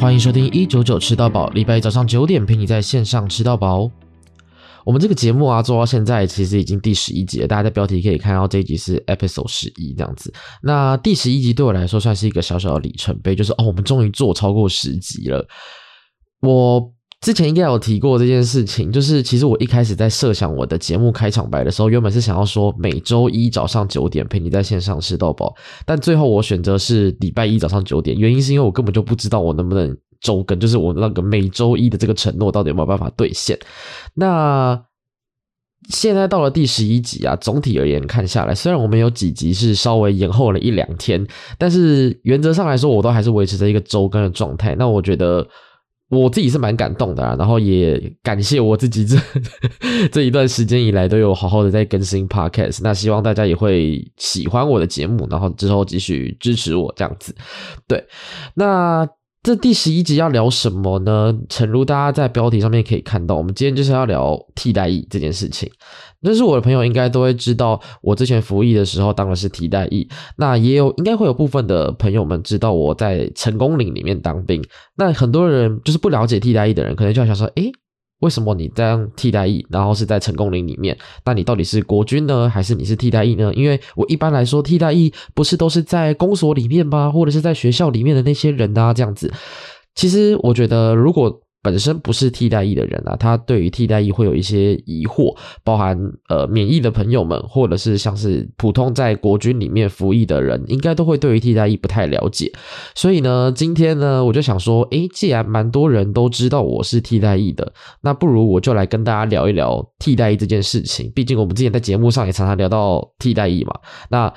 歡迎收聽一九九吃到堡，禮拜一早上九點陪你在線上吃到飽哦。我們這個節目啊，做到現在其實已經第十一集了，大家在標題可以看到這一集是 episode 十一這樣子。那第十一集對我來說算是一個小小的里程碑，就是哦，我們終於做超過十集了。我。之前應該有提過這件事情，就是其實我一開始在設想我的節目開場白的時候，原本是想要說每周一早上九點陪你在線上吃到堡，但最後我選擇是禮拜一早上九點，原因是因為我根本就不知道我能不能周更，就是我那個每周一的這個承諾到底有沒有辦法兌現。那現在到了第十一集啊，總體而言看下來，雖然我們有幾集是稍微延後了一兩天，但是原則上來說，我都還是維持著一個周更的狀態。那我覺得。我自己是蠻感動的啊，然後也感謝我自己這這一段時間以來都有好好的在更新 podcast，那希望大家也會喜歡我的節目，然後之後繼續支持我這樣子，對，那。這第十一集要聊什麼呢？誠如大家在標題上面可以看到，我們今天就是要聊替代役這件事情。那是我的朋友應該都會知道，我之前服役的時候當的是替代役。那也有應該會有部分的朋友們知道我在成功嶺裡面當兵。那很多人就是不了解替代役的人，可能就想說，哎。為什麼你這樣替代役，然後是在成功嶺裡面？那你到底是國軍呢，還是你是替代役呢？因為我一般來說，替代役不是都是在公所裡面嗎？或者是在學校裡面的那些人啊，這樣子。其實我覺得，如果本身不是替代役的人啊，他對於替代役會有一些疑惑，包含呃，免役的朋友們，或者是像是普通在國軍裡面服役的人，應該都會對於替代役不太了解。所以呢，今天呢，我就想說，誒，既然蠻多人都知道我是替代役的，那不如我就來跟大家聊一聊替代役這件事情。畢竟我們之前在節目上也常常聊到替代役嘛。那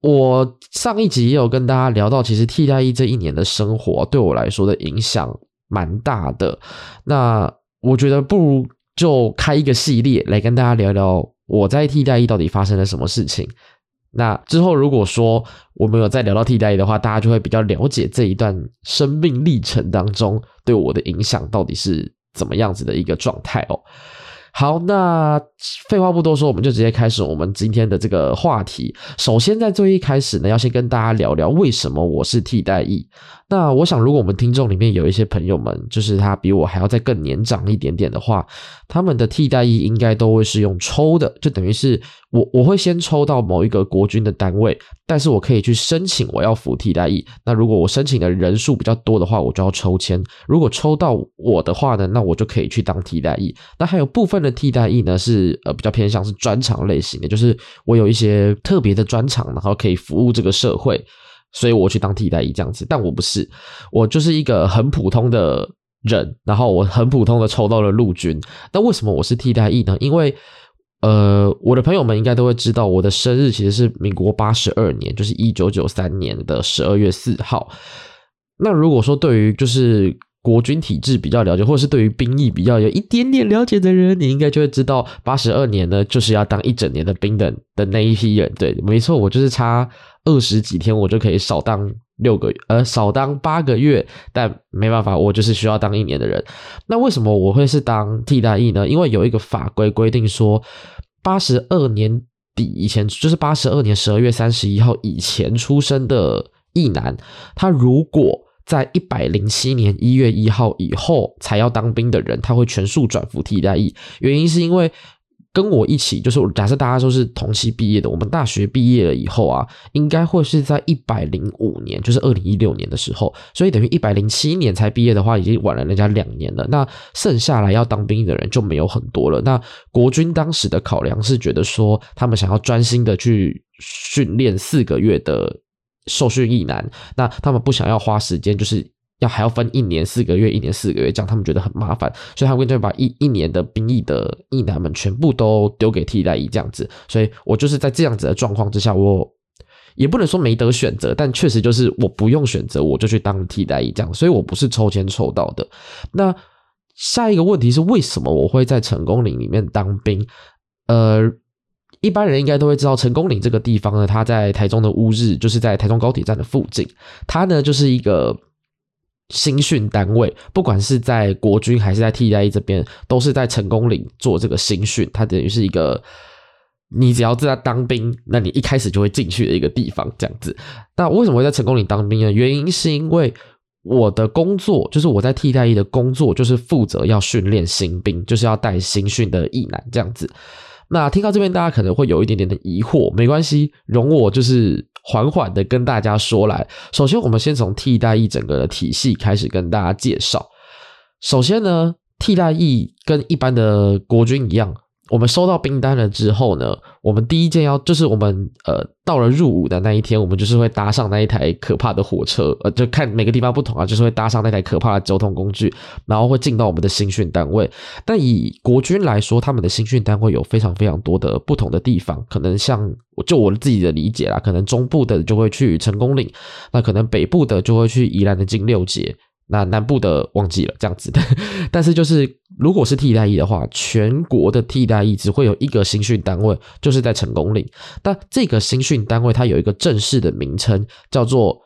我上一集也有跟大家聊到，其實替代役這一年的生活，對我來說的影響。蠻大的，那我覺得不如就開一個系列來跟大家聊聊我在替代役到底發生了什麼事情。那之後如果說我們有再聊到替代役的話，大家就會比較了解這一段生命歷程當中對我的影響到底是怎麼樣子的一個狀態哦。好，那廢話不多說，我們就直接開始我們今天的這個話題。首先在最一開始呢，要先跟大家聊聊為什麼我是替代役。那我想，如果我們聽眾裡面有一些朋友們，就是他比我還要再更年長一點點的話，他們的替代役應該都會是用抽的，就等於是我我會先抽到某一個國軍的單位，但是我可以去申請我要服替代役。那如果我申請的人數比較多的話，我就要抽籤。如果抽到我的話呢，那我就可以去當替代役。那還有部分的替代役呢，是呃比較偏向是專長類型的，就是我有一些特別的專長，然後可以服務這個社會。所以我去當替代役這樣子，但我不是，我就是一個很普通的人，然後我很普通的抽到了陸軍。但為什麼我是替代役呢？因為，呃，我的朋友們應該都會知道，我的生日其實是民國八十二年，就是一九九三年的十二月四號。那如果說對於就是。國軍體制比較了解，或者是對於兵役比較有一點點了解的人，你應該就會知道，八十二年呢，就是要當一整年的兵的的那一批人。對，沒錯，我就是差二十幾天，我就可以少當六個月，呃，少當八個月。但沒辦法，我就是需要當一年的人。那為什麼我會是當替代役呢？因為有一個法規規定說，八十二年底以前，就是八十二年十二月三十一號以前出生的役男，他如果。在一百零七年一月一號以後才要當兵的人，他會全數轉服替代役。原因是因為跟我一起，就是假設大家都是同期畢業的，我們大學畢業了以後啊，應該會是在一百零五年，就是二零一六年的時候。所以等於一百零七年才畢業的話，已經晚了人家兩年了。那剩下來要當兵的人就沒有很多了。那國軍當時的考量是覺得說，他們想要專心的去訓練四個月的。受訓役男，那他們不想要花時間，就是要還要分一年四個月，一年四個月這樣，他們覺得很麻煩，所以他們就把一一年的兵役的役男們全部都丟給替代役這樣子。所以我就是在這樣子的狀況之下，我也不能說沒得選擇，但確實就是我不用選擇，我就去當替代役這樣。所以我不是抽籤抽到的。那下一個問題是，為什麼我會在成功嶺裡面當兵？呃。一般人應該都會知道成功嶺這個地方呢，它在台中的烏日，就是在台中高鐵站的附近。它呢就是一個新訓單位，不管是在國軍還是在替代役這邊，都是在成功嶺做這個新訓。它等於是一個，你只要在當兵，那你一開始就會進去的一個地方這樣子。那我為什麼會在成功嶺當兵呢？原因是因為我的工作就是我在替代役的工作，就是負責要訓練新兵，就是要帶新訓的役男這樣子。那聽到這邊，大家可能會有一點點的疑惑，沒關係，容我就是緩緩的跟大家說來。首先，我們先從替代役整個的體系開始跟大家介紹。首先呢，替代役跟一般的國軍一樣。我們收到兵單了之後呢，我們第一件要就是我們呃到了入伍的那一天，我們就是會搭上那一台可怕的火車，呃，就看每個地方不同啊，就是會搭上那台可怕的交通工具，然後會進到我們的新訓單位。但以國軍來說，他們的新訓單位有非常非常多的不同的地方，可能像就我自己的理解啦，可能中部的就會去成功嶺，那可能北部的就會去宜蘭的金六結。那南部的忘記了這樣子的，但是就是如果是替代役的話，全國的替代役只會有一個新訓單位，就是在成功嶺。但這個新訓單位它有一個正式的名稱，叫做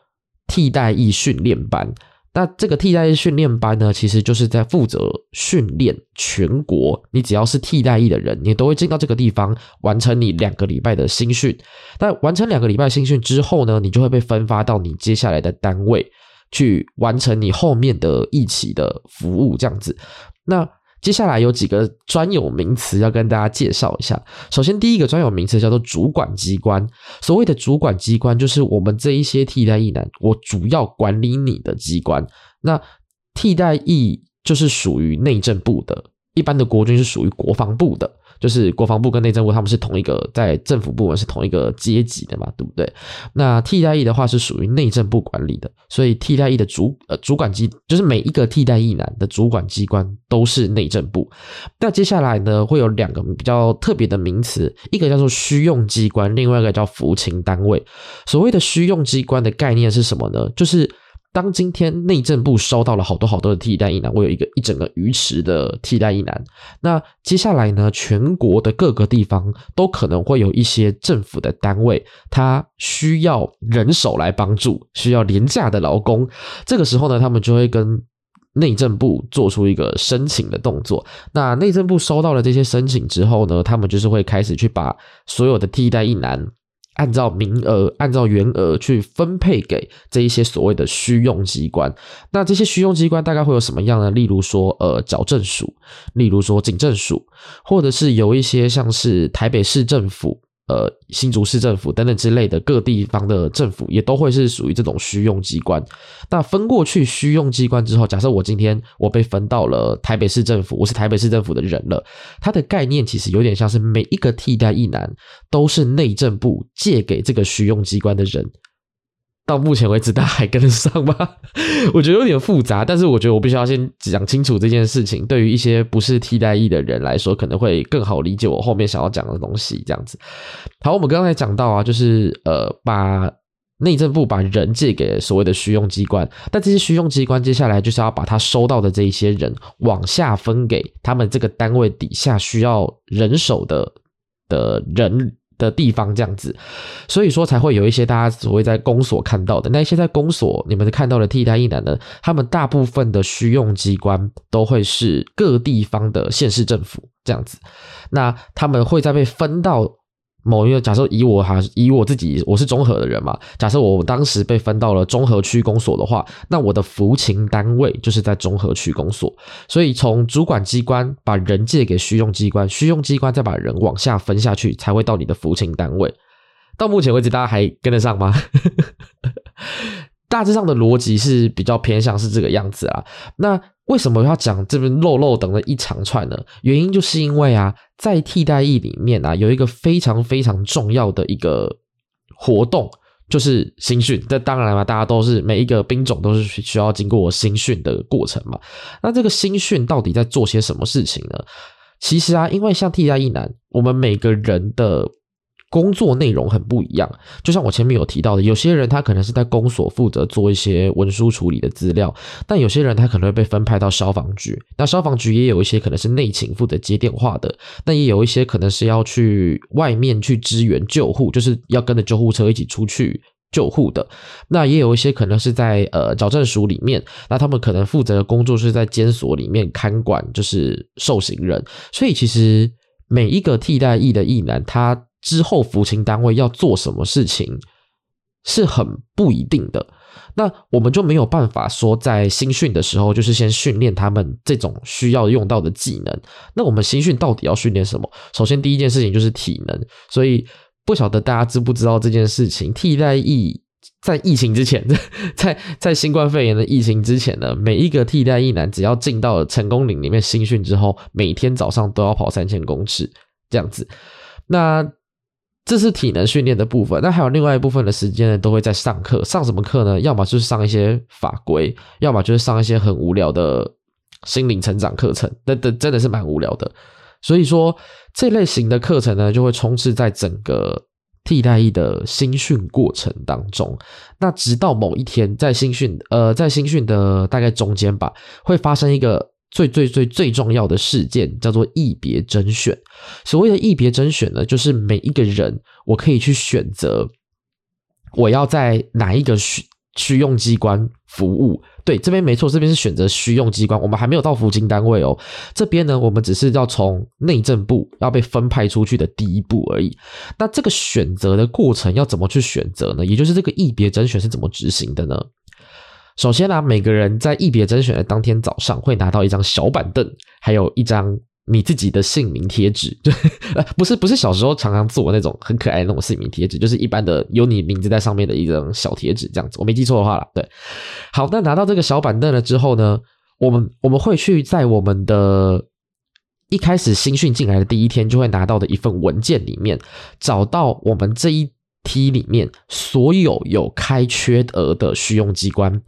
替代役訓練班。那這個替代役訓練班呢，其實就是在負責訓練全國，你只要是替代役的人，你都會進到這個地方完成你兩個禮拜的新訓。但完成兩個禮拜新訓之後呢，你就會被分發到你接下來的單位。去完成你後面的一起的服務，這樣子。那接下來有幾個專有名詞要跟大家介紹一下。首先，第一個專有名詞叫做主管機關。所謂的主管機關，就是我們這一些替代役男，我主要管理你的機關。那替代役就是屬於內政部的，一般的國軍是屬於國防部的。就是國防部跟內政部他們是同一個，在政府部門是同一個階級的嘛，對不對？那替代役的話是屬於內政部管理的，所以替代役的主呃主管機就是每一個替代役男的主管機關都是內政部。那接下來呢，會有兩個比較特別的名詞，一個叫做需用機關，另外一個叫服勤單位。所謂的需用機關的概念是什麼呢？就是。當今天內政部收到了好多好多的替代役男，我有一個一整個魚池的替代役男。那接下來呢，全國的各個地方都可能會有一些政府的單位，他需要人手來幫助，需要廉價的勞工。這個時候呢，他們就會跟內政部做出一個申請的動作。那內政部收到了這些申請之後呢，他們就是會開始去把所有的替代役男，按照名額，按照員額去分配給這一些所謂的需用機關。那這些需用機關大概會有什麼樣呢？例如說，呃，矯正署，例如說警政署，或者是有一些像是台北市政府。呃，新竹市政府等等之類的各地方的政府也都會是屬於這種需用機關。那分過去需用機關之後，假設我今天我被分到了台北市政府，我是台北市政府的人了。它的概念其實有點像是每一個替代役男都是內政部借給這個需用機關的人。到目前為止，他還跟得上嗎？ 我覺得有點複雜，但是我覺得我必須要先講清楚這件事情。對於一些不是替代役的人來說，可能會更好理解我後面想要講的東西。這樣子，好，我們剛才講到啊，就是呃，把內政部把人借給所謂的需用機關，但這些需用機關接下來就是要把他收到的這一些人往下分給他們這個單位底下需要人手的的人，的地方這樣子，所以說才會有一些大家所謂在公所看到的那一些，在公所你們看到的替代役男呢，他們大部分的需用機關都會是各地方的縣市政府這樣子，那他們會再被分到。某一個假設，以我哈，以我自己，我是中和的人嘛。假設我當時被分到了中和區公所的話，那我的服勤單位就是在中和區公所。所以從主管機關把人借給需用機關，需用機關再把人往下分下去，才會到你的服勤單位。到目前為止，大家還跟得上嗎？ 大致上的邏輯是比較偏向是這個樣子啊。那為什麼要講這邊漏漏等了一長串呢？原因就是因為啊。在替代役裡面啊，有一個非常非常重要的一個活動，就是新訓。這當然了，大家都是每一個兵種都是需要經過新訓的過程嘛。那這個新訓到底在做些什麼事情呢？其實啊，因為像替代役男，我們每個人的。工作內容很不一樣，就像我前面有提到的，有些人他可能是在公所負責做一些文書處理的資料，但有些人他可能會被分派到消防局，那消防局也有一些可能是內勤負責接電話的，但也有一些可能是要去外面去支援救護，就是要跟着救護車一起出去救護的，那也有一些可能是在呃矯正署裡面，那他們可能負責的工作是在監所裡面看管就是受刑人，所以其實每一個替代役的役男他之後服勤單位要做什麼事情是很不一定的，那我們就沒有辦法說在新訓的時候就是先訓練他們這種需要用到的技能。那我們新訓到底要訓練什麼？首先第一件事情就是體能，所以不曉得大家知不知道這件事情。替代役在疫情之前，在在新冠肺炎的疫情之前呢，每一個替代役男只要進到了成功嶺裡面新訓之後，每天早上都要跑三千公尺這樣子。那這是體能訓練的部分，那還有另外一部分的時間呢，都會在上課。上什麼課呢？要麼就是上一些法規，要麼就是上一些很無聊的心靈成長課程。那、這真的是蠻無聊的。所以說，這類型的課程呢，就會充斥在整個替代役的新訓過程當中。那直到某一天，在新訓呃，在新訓的大概中間吧，會發生一個。最最最最重要的事件叫做“役別甄選”。所謂的“役別甄選”呢，就是每一個人我可以去選擇我要在哪一個需需用機關服務。對，這邊沒錯，這邊是選擇需用機關。我們還沒有到服勤單位哦。這邊呢，我們只是要從內政部要被分派出去的第一步而已。那這個選擇的過程要怎麼去選擇呢？也就是這個“役別甄選”是怎麼執行的呢？首先呢、啊，每個人在役別甄選的當天早上會拿到一張小板凳，還有一張你自己的姓名貼紙，對， 不是不是小時候常常做那種很可愛的那種姓名貼紙，就是一般的有你名字在上面的一張小貼紙這樣子。我沒記錯的話啦，對。好，那拿到這個小板凳了之後呢，我們我們會去在我們的一開始新訓進來的第一天就會拿到的一份文件裡面找到我們這一。梯裡面所有有開缺額的需用機關，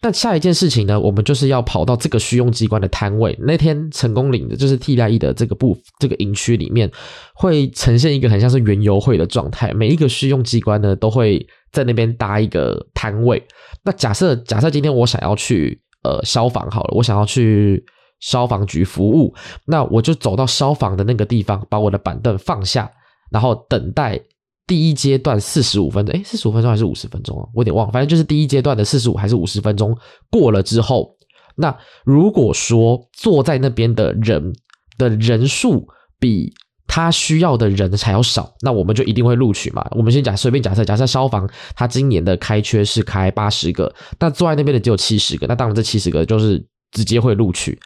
那下一件事情呢，我們就是要跑到這個需用機關的攤位。那天成功領的就是替代 E 的這個部這個營區裡面會呈現一個很像是原油會的狀態。每一個需用機關呢，都會在那邊搭一個攤位。那假設假設今天我想要去呃消防好了，我想要去消防局服務，那我就走到消防的那個地方，把我的板凳放下，然後等待。第一階段四十五分誒哎，四十五分鐘還是五十分鐘啊？我有點忘了，反正就是第一階段的四十五還是五十分鐘過了之後，那如果說坐在那邊的人的人數比他需要的人才要少，那我們就一定會錄取嘛。我們先講隨便假設，假設消防他今年的開缺是開八十個，那坐在那邊的只有七十個，那當然這七十個就是直接會錄取。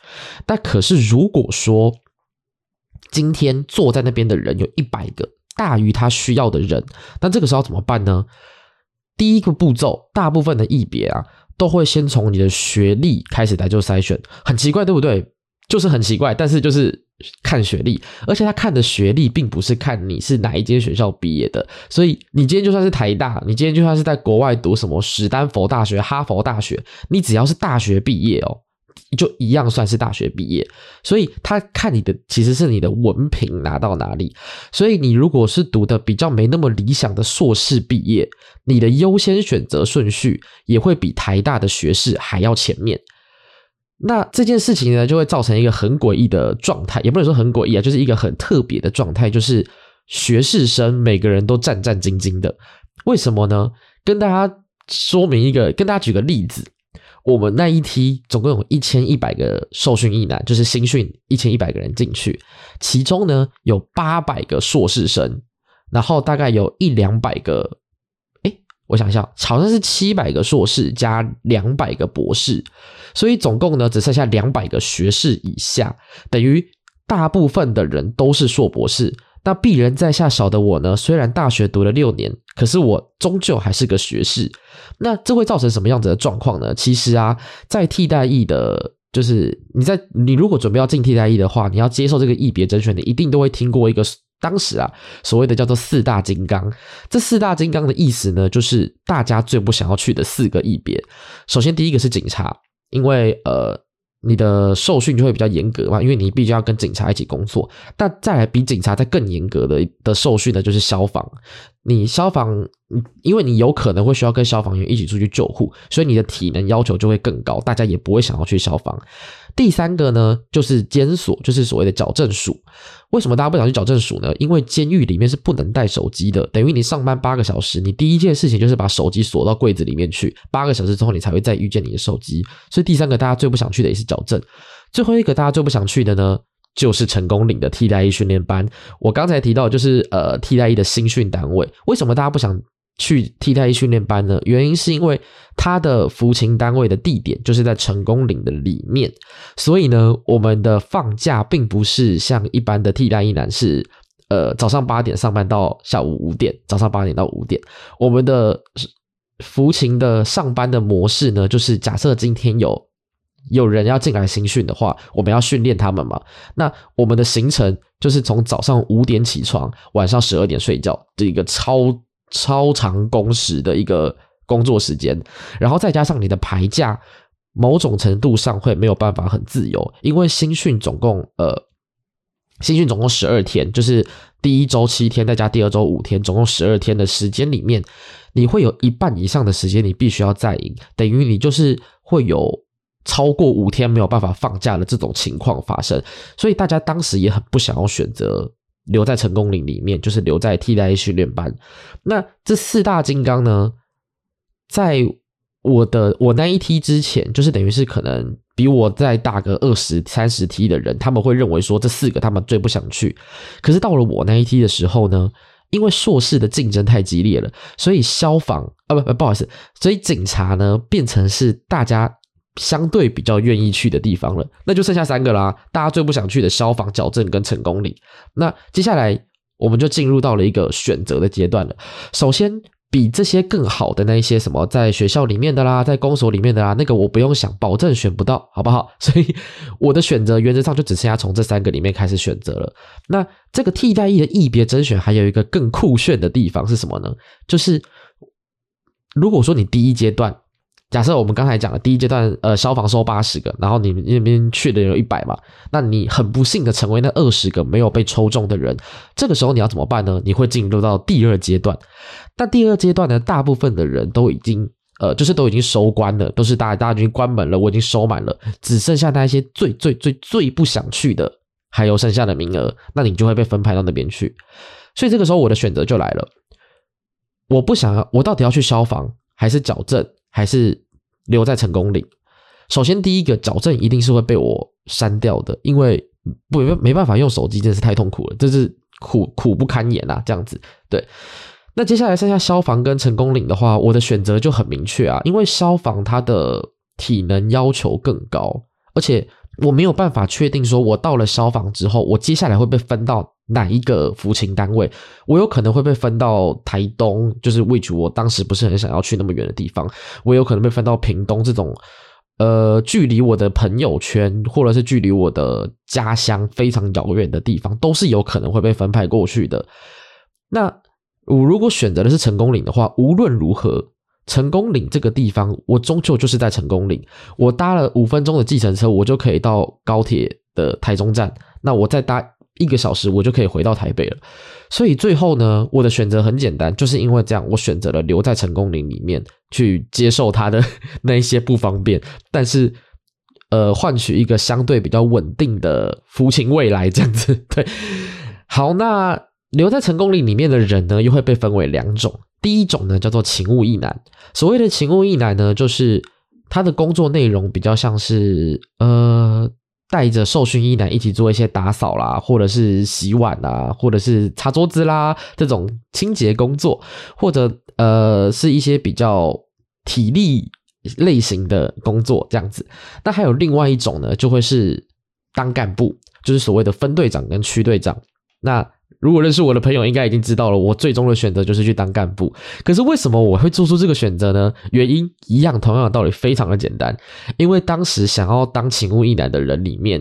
但可是如果說今天坐在那邊的人有一百個。大於他需要的人，那這個時候怎麼辦呢？第一個步驟，大部分的役別啊，都會先從你的學歷開始來做篩選，很奇怪，對不對？就是很奇怪，但是就是看學歷，而且他看的學歷並不是看你是哪一間學校畢業的，所以你今天就算是台大，你今天就算是在國外讀什麼史丹佛大學、哈佛大學，你只要是大學畢業哦，就一樣算是大學畢業，所以他看你的其實是你的文憑拿到哪裡，所以你如果是讀的比較沒那麼理想的碩士畢業，你的優先選擇順序也會比台大的學士還要前面。那這件事情呢，就會造成一個很詭異的狀態，也不能說很詭異啊，就是一個很特別的狀態，就是學士生每個人都戰戰兢兢的。為什麼呢？跟大家說明一個，跟大家舉個例子。我們那一梯總共有一千一百個受訓役男，就是新訓一千一百個人進去，其中呢有八百個碩士生，然後大概有一兩百個，誒，我想一下，好像是七百個碩士加兩百個博士，所以總共呢只剩下兩百個學士以下，等於大部分的人都是碩博士。那鄙人在下少的我呢，雖然大學讀了六年。可是我終究還是個學士，那這會造成什麼樣子的狀況呢？其實啊，在替代役的，就是你在你如果準備要進替代役的話，你要接受這個役別甄選，你一定都會聽過一個，當時啊所謂的叫做四大金剛。這四大金剛的意思呢，就是大家最不想要去的四個役別。首先第一個是警察，因為呃。你的受訓就會比較嚴格嘛，因為你必須要跟警察一起工作。但再來比警察再更嚴格的的受訓的就是消防。你消防，因為你有可能會需要跟消防員一起出去救護，所以你的體能要求就會更高，大家也不會想要去消防。第三個呢，就是監所，就是所謂的矯正署。為什麼大家不想去矯正署呢？因為監獄裡面是不能帶手機的，等於你上班八個小時，你第一件事情就是把手機鎖到櫃子裡面去，八個小時之後你才會再遇見你的手機。所以第三個大家最不想去的也是矯正。最後一個大家最不想去的呢，就是成功嶺的替代役訓練班。我剛才提到的就是呃替代役的新訓單位，為什麼大家不想？去替代役訓練班呢？原因是因為他的服勤單位的地點就是在成功嶺的裡面，所以呢，我們的放假並不是像一般的替代役男是，呃，早上八點上班到下午五點，早上八點到五點。我們的服勤的上班的模式呢，就是假設今天有有人要進來新訓的話，我們要訓練他們嘛。那我們的行程就是從早上五點起床，晚上十二點睡覺，這一個超。超長工時的一個工作時間，然後再加上你的排假，某種程度上會沒有辦法很自由，因為新訓總共呃，新訓總共十二天，就是第一週七天，再加第二週五天，總共十二天的時間裡面，你會有一半以上的時間你必須要在營，等於你就是會有超過五天沒有辦法放假的這種情況發生，所以大家當時也很不想要選擇。留在成功嶺裡面，就是留在替代役訓練班。那這四大金剛呢，在我的我那一梯之前，就是等於是可能比我再大個二十三十梯的人，他們會認為說，這四個他們最不想去。可是到了我那一梯的時候呢，因為碩士的競爭太激烈了，所以消防啊不、呃、不好意思，所以警察呢變成是大家相對比較願意去的地方了，那就剩下三個啦、啊。大家最不想去的消防、矯正跟成功嶺。那接下來我們就進入到了一個選擇的階段了。首先，比這些更好的那一些什麼，在學校裡面的啦，在公所裡面的啦、啊，那個我不用想，保證選不到，好不好？所以我的選擇原則上就只剩下從這三個裡面開始選擇了。那這個替代役的役別甄選還有一個更酷炫的地方是什麼呢？就是如果說你第一階段。假設我們剛才講的第一階段，呃，消防收八十個，然後你們那邊去的有一百嘛，那你很不幸的成為那二十個沒有被抽中的人。這個時候你要怎麼辦呢？你會進入到第二階段。但第二階段呢，大部分的人都已經，呃，就是都已經收官了，都是大家，大家已經關門了，我已經收滿了，只剩下那一些最，最最最最不想去的，還有剩下的名額，那你就會被分派到那邊去。所以這個時候我的選擇就來了，我不想要，我到底要去消防還是矯正？還是留在成功嶺，首先，第一個矯正一定是會被我刪掉的，因為不沒辦法用手機，真的是太痛苦了，這、就是苦苦不堪言啊，這樣子。對，那接下來剩下消防跟成功嶺的話，我的選擇就很明確啊，因為消防它的體能要求更高，而且。我沒有辦法確定說，我到了消防之後，我接下來會被分到哪一個服勤單位，我有可能會被分到台東，就是位置我當時不是很想要去那麼遠的地方；我有可能被分到屏東這種，呃，距離我的朋友圈或者是距離我的家鄉非常遙遠的地方，都是有可能會被分派過去的。那我如果選擇的是成功嶺的話，無論如何。成功嶺這個地方，我終究就是在成功嶺。我搭了五分鐘的計程車，我就可以到高鐵的台中站。那我再搭一個小時，我就可以回到台北了。所以最後呢，我的選擇很簡單，就是因為這樣，我選擇了留在成功嶺裡面去接受他的那一些不方便，但是呃，換取一個相對比較穩定的服勤未來這樣子。對，好，那留在成功嶺裡面的人呢，又會被分為兩種。第一種呢，叫做勤務役男。所謂的勤務役男呢，就是他的工作內容比較像是，呃，帶着受訓役男一起做一些打掃啦，或者是洗碗啦，或者是擦桌子啦，這種清潔工作，或者呃是一些比較體力類型的工作這樣子。那還有另外一種呢，就會是當幹部，就是所謂的分隊長跟區隊長。那如果認識我的朋友，應該已經知道了，我最終的選擇就是去當幹部。可是為什麼我會做出這個選擇呢？原因一樣，同樣的道理，非常的簡單。因為當時想要當勤務一男的人裡面，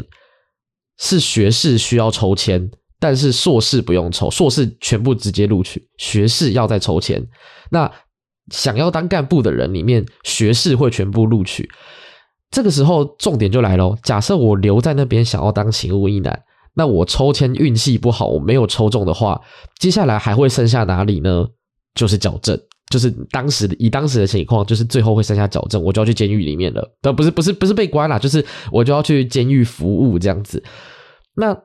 是學士需要抽籤，但是碩士不用抽，碩士全部直接錄取，學士要再抽籤。那想要當幹部的人裡面，學士會全部錄取。這個時候重點就來咯，假設我留在那邊，想要當勤務一男。那我抽籤運氣不好，我沒有抽中的話，接下來還會剩下哪裡呢？就是矯正，就是當時以當時的情況，就是最後會剩下矯正，我就要去監獄裡面了。呃，不是，不是，不是被關了，就是我就要去監獄服務這樣子。那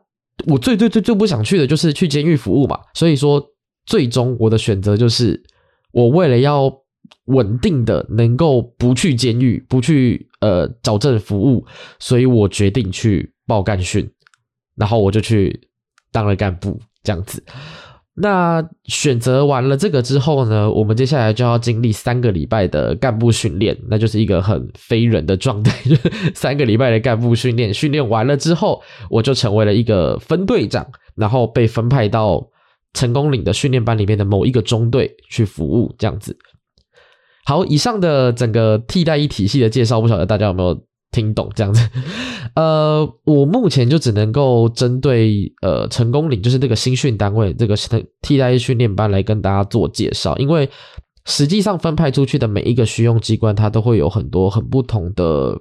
我最最最最不想去的就是去監獄服務嘛。所以說，最終我的選擇就是，我為了要穩定的能夠不去監獄，不去，呃，矯正服務，所以我決定去報幹訓。然後我就去當了幹部，這樣子。那選擇完了這個之後呢，我們接下來就要經歷三個禮拜的幹部訓練，那就是一個很非人的狀態。三個禮拜的幹部訓練，訓練完了之後，我就成為了一個分隊長，然後被分派到成功嶺的訓練班裡面的某一個中隊去服務，這樣子。好，以上的整個替代役體系的介紹，不曉得大家有沒有？聽懂這樣子，呃，我目前就只能夠針對呃成功嶺，就是這個新訓單位，這個替代訓練班來跟大家做介紹，因為實際上分派出去的每一個需用機關，它都會有很多很不同的。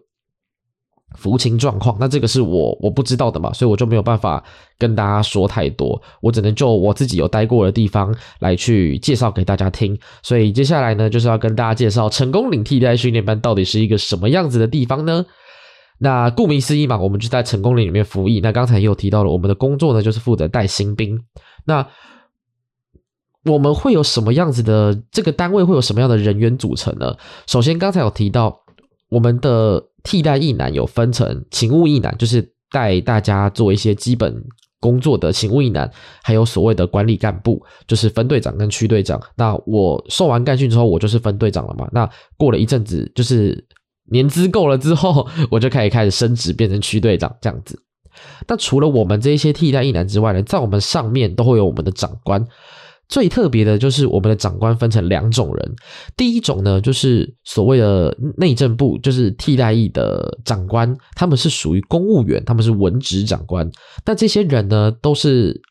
服勤狀況，那這個是我我不知道的嘛，所以我就沒有辦法跟大家說太多，我只能就我自己有待過的地方來去介紹給大家聽。所以接下來呢，就是要跟大家介紹成功嶺替代訓練班到底是一個什麼樣子的地方呢？那顧名思義嘛，我們就在成功嶺裡面服役。那剛才也有提到了我們的工作呢，就是負責帶新兵。那我們會有什麼樣子的？這個單位會有什麼樣的人員組成呢？首先，剛才有提到我們的。替代役男有分成勤務役男，就是帶大家做一些基本工作的勤務役男，還有所謂的管理幹部，就是分隊長跟區隊長。那我受完幹訓之後，我就是分隊長了嘛。那過了一陣子，就是年資夠了之後，我就可以開始升職，變成區隊長這樣子。那除了我們這些替代役男之外呢，在我們上面都會有我們的長官。最特別的就是我們的長官分成兩種人，第一種呢就是所謂的內政部，就是替代役的長官，他們是屬於公務員，他們是文職長官。但這些人呢，都是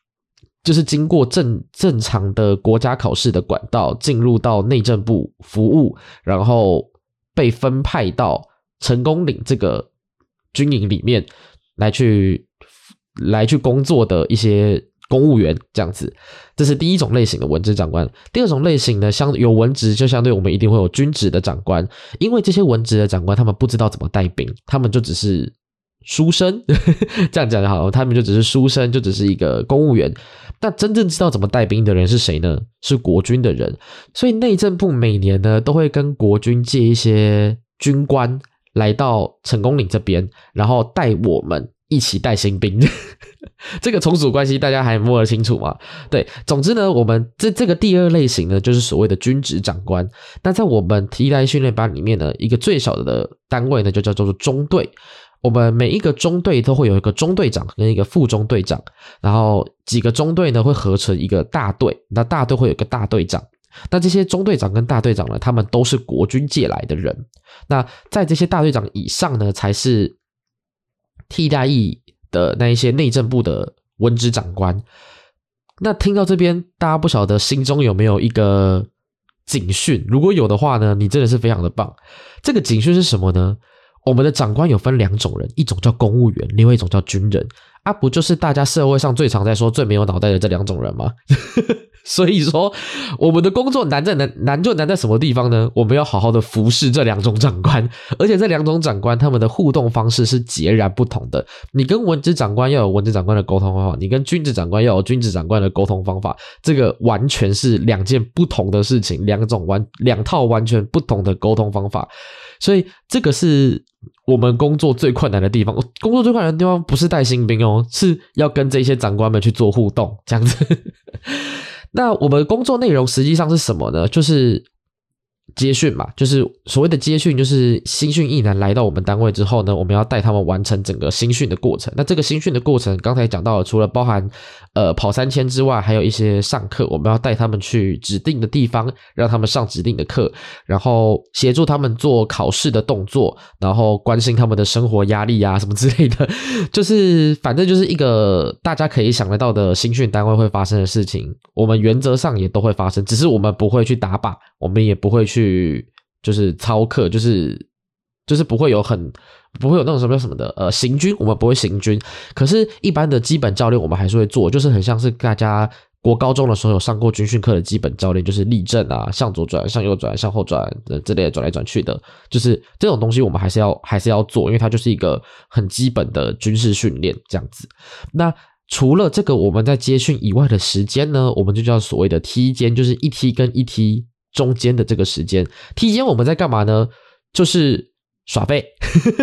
就是經過正正常的國家考試的管道進入到內政部服務，然後被分派到成功嶺這個軍營裡面來去來去工作的一些。公務員這樣子，這是第一種類型的文職長官。第二種類型呢，像有文職就相對我們一定會有軍職的長官，因為這些文職的長官他們不知道怎麼帶兵，他們就只是書生， 這樣講就好了，他們就只是書生，就只是一個公務員。那真正知道怎麼帶兵的人是誰呢？是國軍的人。所以內政部每年呢都會跟國軍借一些軍官來到成功嶺這邊，然後帶我們。一起帶新兵， 這個從屬關係大家還摸得清楚嗎？對，總之呢，我們這這個第二類型呢，就是所謂的軍職長官。那在我們替代役訓練班裡面呢，一個最小的單位呢，就叫做中隊。我們每一個中隊都會有一個中隊長跟一個副中隊長，然後幾個中隊呢會合成一個大隊。那大隊會有個大隊長。那這些中隊長跟大隊長呢，他們都是國軍借來的人。那在這些大隊長以上呢，才是。替代役的那一些內政部的文職長官，那聽到這邊，大家不曉得心中有沒有一個警訊？如果有的話呢，你真的是非常的棒。這個警訊是什麼呢？我們的長官有分兩種人，一種叫公務員，另外一種叫軍人。啊，不就是大家社會上最常在說最沒有腦袋的這兩種人嗎？ 所以說，我們的工作難在難，難就難在什麼地方呢？我們要好好的服侍這兩種長官，而且這兩種長官他們的互動方式是截然不同的。你跟文職長官要有文職長官的溝通方法，你跟軍職長官要有軍職長官的溝通方法，這個完全是兩件不同的事情，兩種完兩套完全不同的溝通方法。所以這個是我們工作最困難的地方。我工作最困難的地方不是帶新兵哦，是要跟這些長官們去做互動，這樣子。 那我們工作內容實際上是什麼呢？就是。接訓嘛，就是所謂的接訓，就是新訓役男來到我們單位之後呢，我們要帶他們完成整個新訓的過程。那這個新訓的過程，剛才講到了，除了包含呃跑三千之外，還有一些上課，我們要帶他們去指定的地方，讓他們上指定的課，然後協助他們做考試的動作，然後關心他們的生活壓力啊什麼之類的，就是反正就是一個大家可以想得到的新訓單位會發生的事情，我們原則上也都會發生，只是我們不會去打靶，我們也不會去。去就是操課，就是就是不會有很不會有那種什麼什麼的，呃，行軍我們不會行軍，可是，一般的基本教練我們還是會做，就是很像是大家國高中的時候有上過軍訓課的基本教練，就是立正啊，向左轉，向右轉，向後轉的、呃、之類的，轉來轉去的，就是這種東西我們還是要還是要做，因為它就是一個很基本的軍事訓練這樣子。那除了這個我們在接訓以外的時間呢，我們就叫所謂的梯間，就是一梯跟一梯。中間的這個時間，提前我們在幹嘛呢？就是耍廢，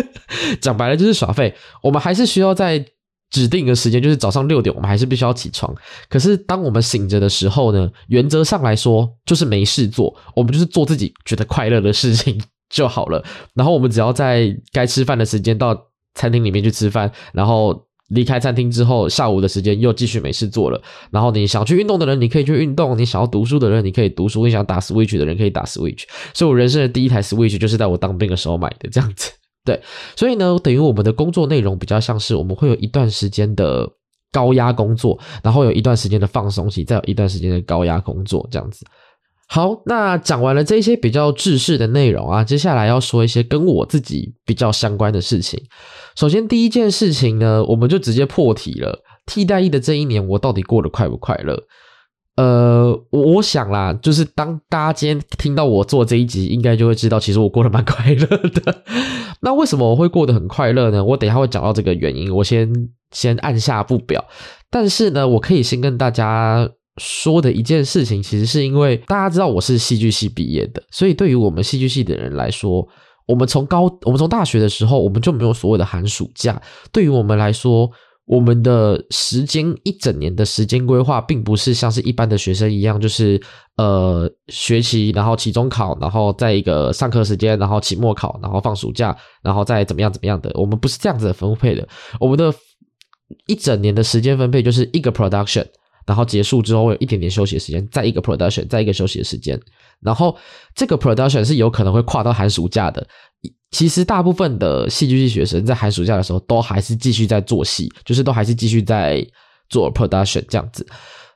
講白了就是耍廢。我們還是需要在指定的時間，就是早上六點，我們還是必須要起床。可是當我們醒着的時候呢，原則上來說就是沒事做，我們就是做自己覺得快樂的事情就好了。然後我們只要在該吃飯的時間到餐廳裡面去吃飯，然後。離開餐廳之後，下午的時間又繼續沒事做了。然後你想去運動的人，你可以去運動；你想要讀書的人，你可以讀書；你想打 Switch 的人，可以打 Switch。所以，我人生的第一台 Switch 就是在我當兵的時候買的，這樣子。對，所以呢，等於我們的工作內容比較像是我們會有一段時間的高壓工作，然後有一段時間的放鬆期，再有一段時間的高壓工作，這樣子。好，那講完了這一些比較制式的內容啊，接下來要說一些跟我自己比較相關的事情。首先第一件事情呢，我們就直接破題了。替代役的這一年，我到底過得快不快樂？呃，我想啦，就是當大家今天聽到我做這一集，應該就會知道，其實我過得蠻快樂的。 那為什麼我會過得很快樂呢？我等一下會講到這個原因，我先先按下不表。但是呢，我可以先跟大家。說的一件事情，其實是因為大家知道我是戲劇系畢業的，所以對於我們戲劇系的人來說，我們從高，我們從大學的時候，我們就沒有所謂的寒暑假。對於我們來說，我們的時間一整年的時間規劃，並不是像是一般的學生一樣，就是呃學習，然後期中考，然後在一個上課時間，然後期末考，然後放暑假，然後再怎麼樣怎麼樣的。我們不是這樣子的分配的，我們的一整年的時間分配就是一個 production。然後結束之後，會有一點點休息的時間，再一個 production，再一個休息的時間。然後這個 production 是有可能會跨到寒暑假的。其實大部分的戲劇系學生在寒暑假的時候，都還是繼續在做戲，就是都還是繼續在做 production 這樣子。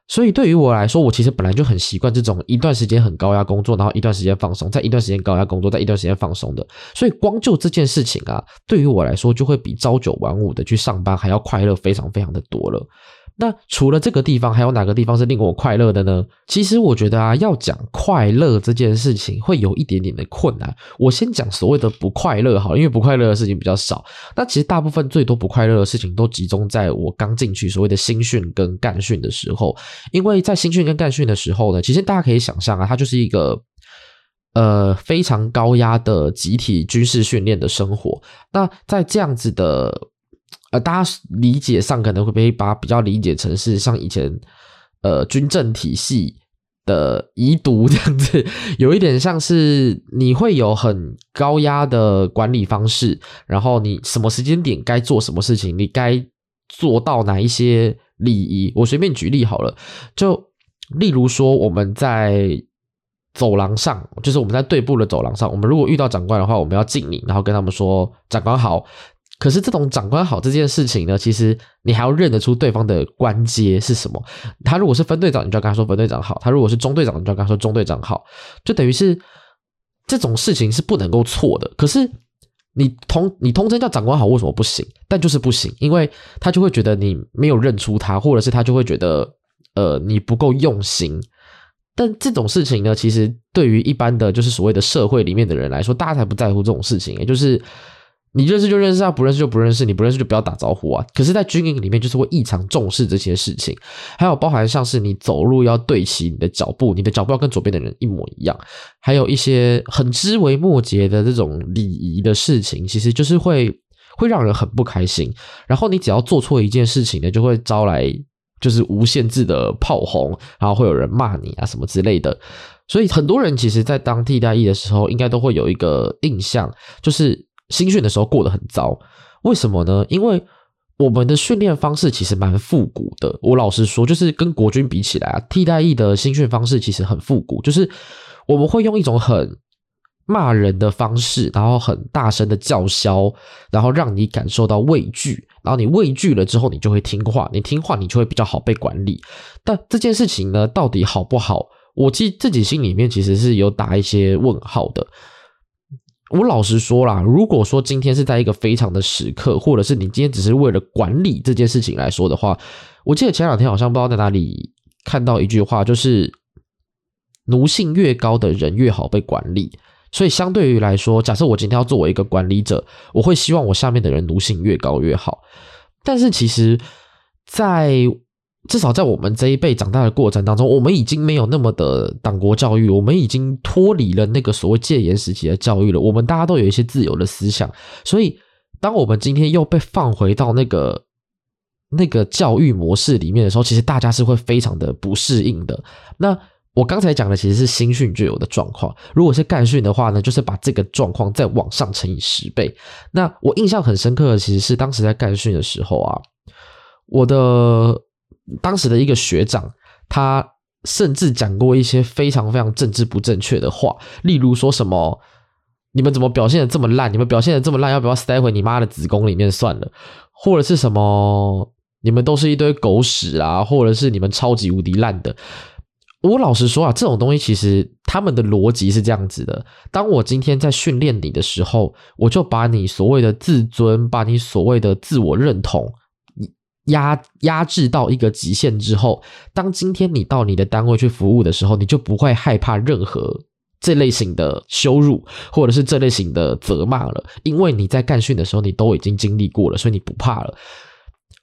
所以對於我來說，我其實本來就很習慣這種一段時間很高壓工作，然後一段時間放鬆，再一段時間高壓工作，再一段時間放鬆的。所以光就這件事情啊，對於我來說，就會比朝九晚五的去上班還要快樂非常非常的多了。那除了這個地方，還有哪個地方是令我快樂的呢？其實我覺得啊，要講快樂這件事情，會有一點點的困難。我先講所謂的不快樂哈，因為不快樂的事情比較少。那其實大部分最多不快樂的事情，都集中在我剛進去所謂的新訓跟幹訓的時候。因為在新訓跟幹訓的時候呢，其實大家可以想象啊，它就是一個呃非常高壓的集體軍事訓練的生活。那在這樣子的。啊、呃，大家理解上可能會被把比較理解成是像以前，呃，軍政體系的遺毒這樣子，有一點像是你會有很高壓的管理方式，然後你什麼時間點該做什麼事情，你該做到哪一些禮儀。我隨便舉例好了，就例如說我們在走廊上，就是我們在隊部的走廊上，我們如果遇到長官的話，我們要敬禮，然後跟他們說長官好。可是這種長官好這件事情呢，其實你還要認得出對方的官階是什麼。他如果是分隊長，你就要跟他說分隊長好；他如果是中隊長，你就要跟他說中隊長好。就等於是這種事情是不能夠錯的。可是你通你通稱叫長官好為什麼不行？但就是不行，因為他就會覺得你沒有認出他，或者是他就會覺得呃你不夠用心。但這種事情呢，其實對於一般的就是所謂的社會裡面的人來說，大家才不在乎這種事情，欸，也就是。你認識就認識，啊，不認識就不認識。你不認識就不要打招呼啊！可是，在軍營裡面，就是會異常重視這些事情。還有，包含像是你走路要對齊你的腳步，你的腳步要跟左邊的人一模一樣，還有一些很枝微末節的這種禮儀的事情，其實就是會會讓人很不開心。然後，你只要做錯一件事情呢，就會招來就是無限制的炮轟，然後會有人罵你啊什麼之類的。所以，很多人其實在當替代役的時候，應該都會有一個印象，就是。新訓的時候過得很糟，為什麼呢？因為我們的訓練方式其實蠻複古的。我老實說，就是跟國軍比起來啊，替代役的新訓方式其實很複古，就是我們會用一種很罵人的方式，然後很大聲的叫囂，然後讓你感受到畏懼，然後你畏懼了之後，你就會聽話，你聽話你就會比較好被管理。但這件事情呢，到底好不好？我其實自己心裡面其實是有打一些問號的。我老實說啦，如果說今天是在一個非常的時刻，或者是你今天只是為了管理這件事情來說的話，我記得前兩天好像不知道在哪裡看到一句話，就是奴性越高的人越好被管理。所以相對於來說，假設我今天要作為一個管理者，我會希望我下面的人奴性越高越好。但是其實，在至少在我們這一輩長大的過程當中，我們已經沒有那麼的黨國教育，我們已經脫離了那個所謂戒嚴時期的教育了。我們大家都有一些自由的思想，所以當我們今天又被放回到那個那個教育模式裡面的時候，其實大家是會非常的不適應的。那我剛才講的其實是新訓就有的狀況，如果是幹訓的話呢，就是把這個狀況再往上乘以十倍。那我印象很深刻的其實是當時在幹訓的時候啊，我的。當時的一個學長，他甚至講過一些非常非常政治不正確的話，例如說什麼“你們怎麼表現得這麼爛？你們表現得這麼爛，要不要塞回你媽的子宮裡面算了？”或者是什麼“你們都是一堆狗屎啊！”或者是“你們超級無敵爛的。”我老實說啊，這種東西其實他們的邏輯是這樣子的：當我今天在訓練你的時候，我就把你所謂的自尊，把你所謂的自我認同。壓壓制到一個極限之後，當今天你到你的單位去服務的時候，你就不會害怕任何這類型的羞辱，或者是這類型的責罵了。因為你在幹訓的時候，你都已經經歷過了，所以你不怕了。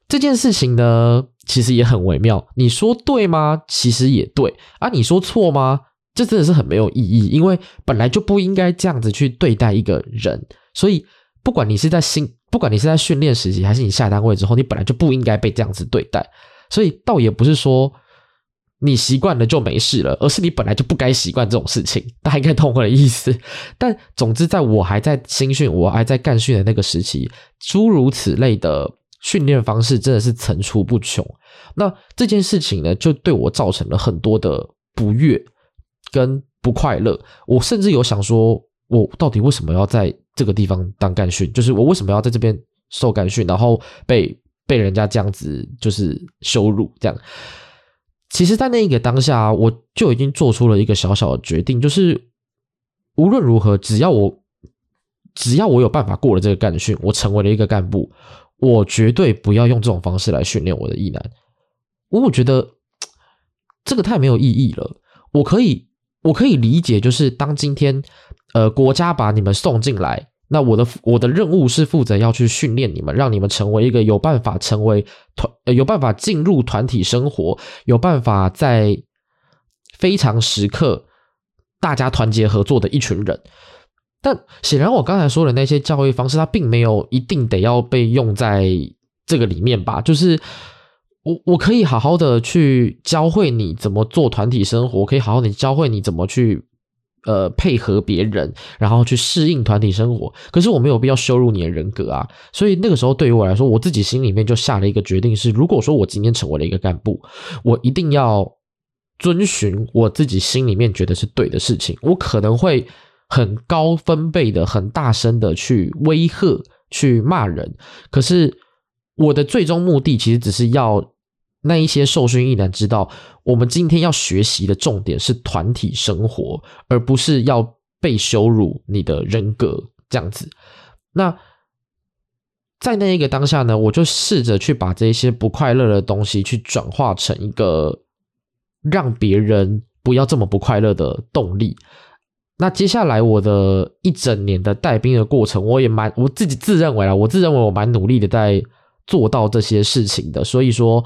這件事情呢，其實也很微妙。你說對嗎？其實也對啊。你說錯嗎？這真的是很沒有意義，因為本來就不應該這樣子去對待一個人。所以，不管你是在心。不管你是在訓練時期，還是你下單位之後，你本來就不應該被這樣子對待。所以倒也不是說你習慣了就沒事了，而是你本來就不該習慣這種事情。大家應該懂我的意思。但總之，在我還在新訓、我還在幹訓的那個時期，諸如此類的訓練方式真的是層出不窮。那這件事情呢，就對我造成了很多的不悅跟不快樂。我甚至有想說，我到底為什麼要在？這個地方當幹訓，就是我為什麼要在這邊受幹訓，然後被被人家這樣子就是羞辱，這樣。其實，在那一個當下，我就已經做出了一個小小的決定，就是無論如何，只要我只要我有辦法過了這個幹訓，我成為了一個幹部，我絕對不要用這種方式來訓練我的役男。我覺得這個太沒有意義了。我可以，我可以理解，就是當今天。呃，國家把你們送進來，那我的我的任務是負責要去訓練你們，讓你們成為一個有辦法成為團，呃，有辦法進入團體生活，有辦法在非常時刻大家團結合作的一群人。但顯然，我剛才說的那些教育方式，它並沒有一定得要被用在這個裡面吧？就是我我可以好好的去教會你怎麼做團體生活，可以好好的教會你怎麼去。呃，配合別人，然後去適應團體生活。可是我沒有必要羞辱你的人格啊！所以那個時候，對於我來說，我自己心裡面就下了一個決定是：是如果說我今天成為了一個幹部，我一定要遵循我自己心裡面覺得是對的事情。我可能會很高分貝的、很大聲的去威嚇、去罵人，可是我的最終目的其實只是要。那一些受訓役男知道，我們今天要學習的重點是團體生活，而不是要被羞辱你的人格這樣子。那在那一個當下呢，我就試着去把這些不快樂的東西去轉化成一個讓別人不要這麼不快樂的動力。那接下來我的一整年的帶兵的過程，我也蠻，我自己自認為啊，我自認為我蠻努力的在做到這些事情的，所以說。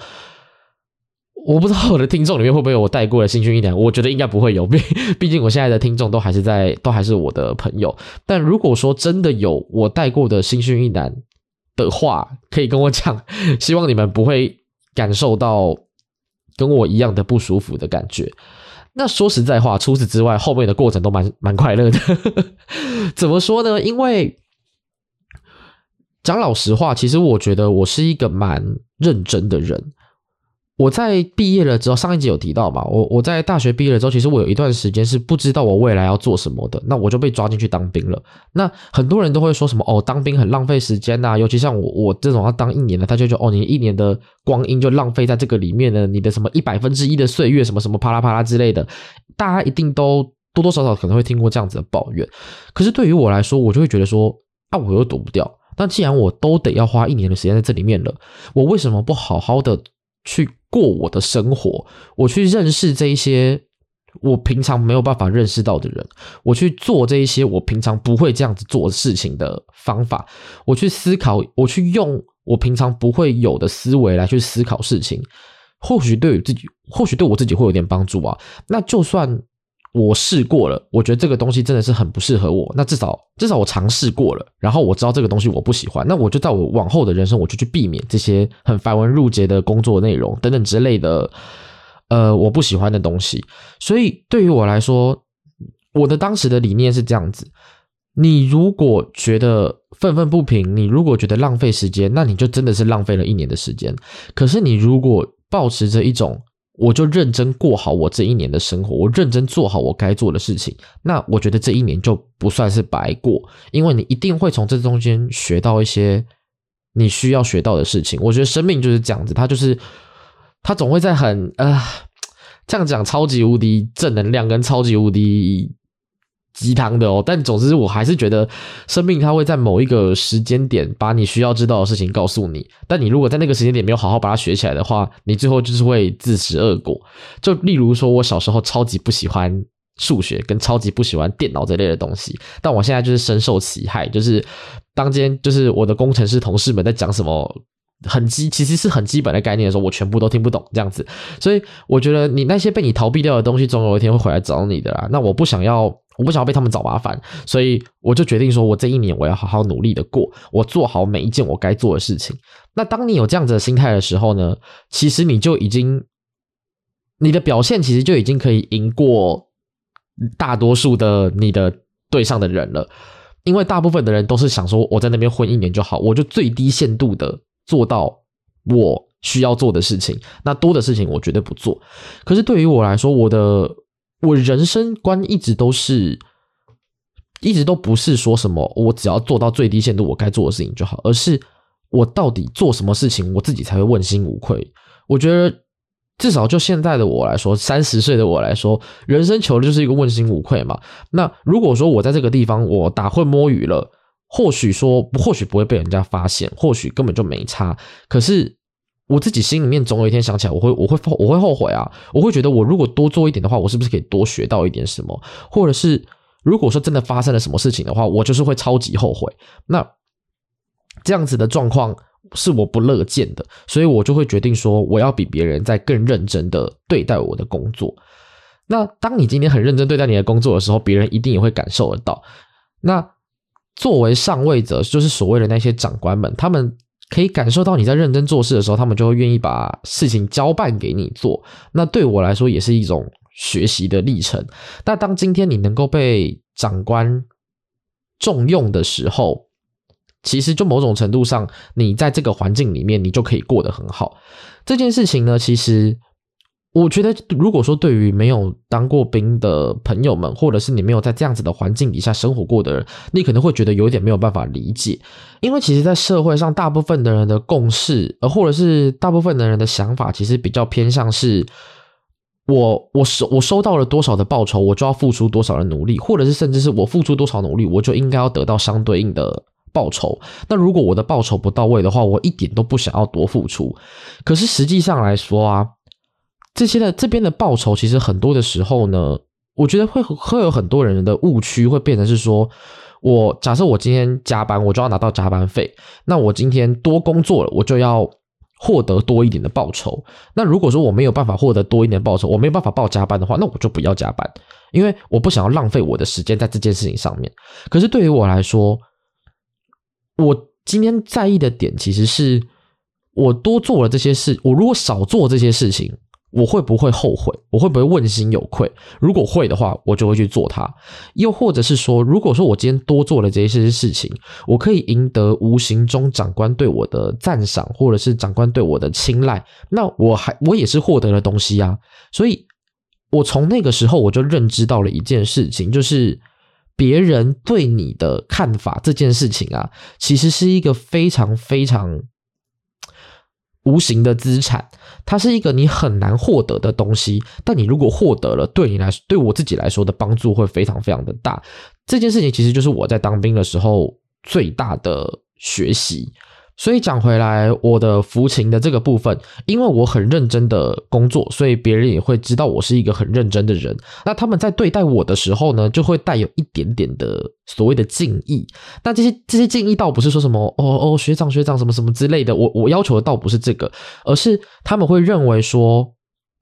我不知道我的聽眾裡面會不會有我帶過的新訓役男，我覺得應該不會有，畢畢竟我現在的聽眾都還是在，都還是我的朋友。但如果說真的有我帶過的新訓役男的話，可以跟我講。希望你們不會感受到跟我一樣的不舒服的感覺。那說實在話，除此之外，後面的過程都蠻蠻快樂的。 怎麼說呢？因為講老實話，其實我覺得我是一個蠻認真的人。我在畢業了之後，上一集有提到嘛，我我在大學畢業了之後，其實我有一段時間是不知道我未來要做什麼的，那我就被抓進去當兵了。那很多人都會說什麼哦，當兵很浪費時間吶、啊，尤其像我我這種要當一年的，他就說哦，你一年的光陰就浪費在這個裡面了，你的什麼一百分之一的歲月什麼什麼啪啦啪啦之類的，大家一定都多多少少可能會聽過這樣子的抱怨。可是對於我來說，我就會覺得說，啊，我又躲不掉，那既然我都得要花一年的時間在這裡面了，我為什麼不好好的去過我的生活，我去認識這一些我平常沒有辦法認識到的人，我去做這一些我平常不會這樣子做的事情的方法，我去思考，我去用我平常不會有的思維來去思考事情，或許對自己，或許對我自己會有點幫助啊。那就算。我試過了，我覺得這個東西真的是很不適合我。那至少至少我嘗試過了，然後我知道這個東西我不喜歡，那我就在我往後的人生，我就去避免這些很繁文縟節的工作內容等等之類的，呃，我不喜歡的東西。所以對於我來說，我的當時的理念是這樣子：你如果覺得憤憤不平，你如果覺得浪費時間，那你就真的是浪費了一年的時間。可是你如果保持着一種，我就認真過好我這一年的生活，我認真做好我該做的事情，那我覺得這一年就不算是白過，因為你一定會從這中間學到一些你需要學到的事情。我覺得生命就是這樣子，它就是它總會在很啊，呃，這樣講超級無敵正能量跟超級無敵。雞湯的哦，但總之我還是覺得，生命它會在某一個時間點把你需要知道的事情告訴你，但你如果在那個時間點沒有好好把它學起來的話，你最後就是會自食惡果。就例如說，我小時候超級不喜歡數學跟超級不喜歡電腦這類的東西，但我現在就是深受其害，就是當今就是我的工程師同事們在講什麼很基，其實是很基本的概念的時候，我全部都聽不懂這樣子，所以我覺得你那些被你逃避掉的東西，總有一天會回來找你的啦。那我不想要。我不想要被他們找麻煩，所以我就決定說，我這一年我要好好努力的過，我做好每一件我該做的事情。那當你有這樣子的心態的時候呢，其實你就已經，你的表現其實就已經可以贏過大多數的你的對上的人了，因為大部分的人都是想說，我在那邊混一年就好，我就最低限度的做到我需要做的事情，那多的事情我絕對不做。可是對於我來說，我的。我人生觀一直都是，一直都不是說什麼我只要做到最低限度我該做的事情就好，而是我到底做什麼事情我自己才會問心無愧。我覺得至少就現在的我來說，三十歲的我來說，人生求的就是一個問心無愧嘛。那如果說我在這個地方我打混摸魚了，或許說或許不會被人家發現，或許根本就沒差。可是。我自己心裡面總有一天想起來，我會我會我會後悔啊！我會覺得，我如果多做一點的話，我是不是可以多學到一點什麼？或者是如果說真的發生了什麼事情的話，我就是會超級後悔。那這樣子的狀況是我不樂見的，所以我就會決定說，我要比別人再更認真的對待我的工作。那當你今天很認真對待你的工作的時候，別人一定也會感受得到。那作為上位者，就是所謂的那些長官們，他們。可以感受到你在認真做事的時候，他們就會願意把事情交辦給你做，那對我來說也是一種學習的歷程。但當今天你能夠被長官重用的時候，其實就某種程度上，你在這個環境裡面，你就可以過得很好。這件事情呢，其實。我覺得，如果說對於沒有當過兵的朋友們，或者是你沒有在這樣子的環境底下生活過的人，你可能會覺得有點沒有辦法理解，因為其實，在社會上，大部分的人的共識，呃，或者是大部分的人的想法，其實比較偏向是，我我收我收到了多少的報酬，我就要付出多少的努力，或者是甚至是我付出多少努力，我就應該要得到相對應的報酬。那如果我的報酬不到位的話，我一點都不想要多付出。可是實際上來說啊。這些的這邊的報酬，其實很多的時候呢，我覺得會會有很多人的誤區，會變成是說，我假設我今天加班，我就要拿到加班費。那我今天多工作了，我就要獲得多一點的報酬。那如果說我沒有辦法獲得多一點的報酬，我沒有辦法報加班的話，那我就不要加班，因為我不想要浪費我的時間在這件事情上面。可是對於我來說，我今天在意的點，其實是我多做了這些事。我如果少做這些事情，我會不會後悔？我會不會問心有愧？如果會的話，我就會去做它。又或者是說，如果說我今天多做了這些事情，我可以贏得無形中長官對我的讚賞，或者是長官對我的青睞，那我還我也是獲得了東西啊。所以，我從那個時候我就認知到了一件事情，就是別人對你的看法這件事情啊，其實是一個非常非常無形的資產。它是一個你很難獲得的東西，但你如果獲得了，對你來說，對我自己來說的幫助會非常非常的大。這件事情其實就是我在當兵的時候最大的學習。所以講回來，我的服勤的這個部分，因為我很認真的工作，所以別人也會知道我是一個很認真的人。那他們在對待我的時候呢，就會帶有一點點的所謂的敬意。那這些這些敬意倒不是說什麼哦哦學長學長什麼什麼之類的，我我要求的倒不是這個，而是他們會認為說。